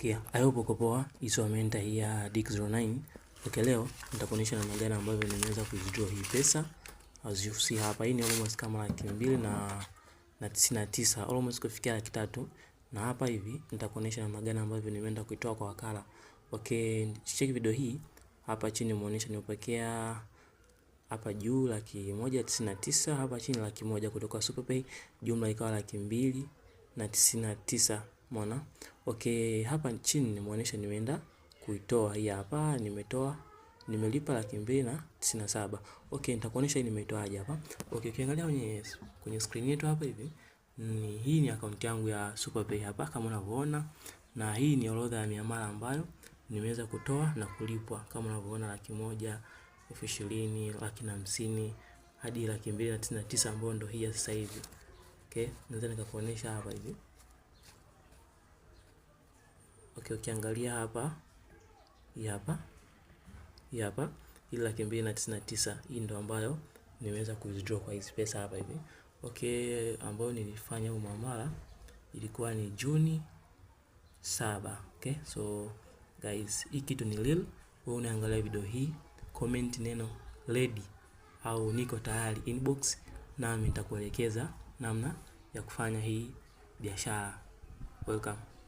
Kia, I hope uko poa. Iso amenta hii ya Dik09. Okay, leo nitakuonyesha namna gani ambavyo nimeweza kuwithdraw hii pesa. As you see hapa, hii ni almost kama laki mbili na na tisini na tisa, almost kufikia laki tatu. Na hapa hivi nitakuonyesha namna gani ambavyo nimeenda kuitoa kwa wakala. Okay, check video hii hapa chini muonesha nimepokea hapa juu laki moja tisini na tisa, hapa chini laki moja kutoka SuperPay, jumla ikawa laki mbili na tisini na tisa. Mwana. Okay, hapa chini nimeonyesha nimeenda kuitoa. Hii hapa nimetoa nimelipa laki mbili na tisini na saba. Okay, nitakuonyesha hii nimeitoaje hapa. Okay, ukiangalia kwenye kwenye screen yetu hapa hivi ni hii ni akaunti yangu ya Superpay hapa kama unavyoona, na hii ni orodha ya miamala ambayo nimeweza kutoa na kulipwa kama unavyoona, laki moja, elfu ishirini, laki na hamsini hadi laki mbili na tisini na tisa ambayo ndio hii sasa hivi. Okay, naweza nikakuonesha hapa hivi. Okay, ukiangalia hapa hii hapa hii hapa ile laki mbili na tisini na tisa hii ndo ambayo nimeweza kuwithdraw kwa hizi pesa hapa hivi. Okay, ambayo nilifanya umamara ilikuwa ni Juni saba. Okay, so guys, hii kitu ni real. Wewe unaangalia video hii, comment neno ready au niko tayari inbox, nami nitakuelekeza namna ya kufanya hii biashara. Welcome.